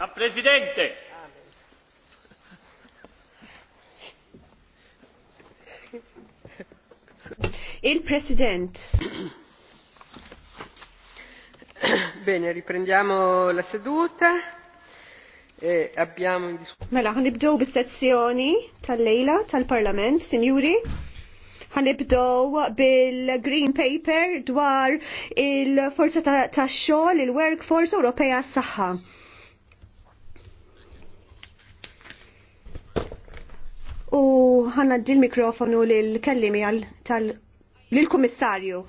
La Presidente! Il-President. Bene, riprendiamo la seduta. E abbiamo in discussione. Mela, ħanibdow bis-sezzjoni tal-lejla tal-Parlament, Sinjuri ħanibdow bil-Green Paper dwar il-forza ta' xogħol il-Workforce Ewropea s-saħħa. ħanna d-dil mikrofonu l-kellimi tal-kummissarju.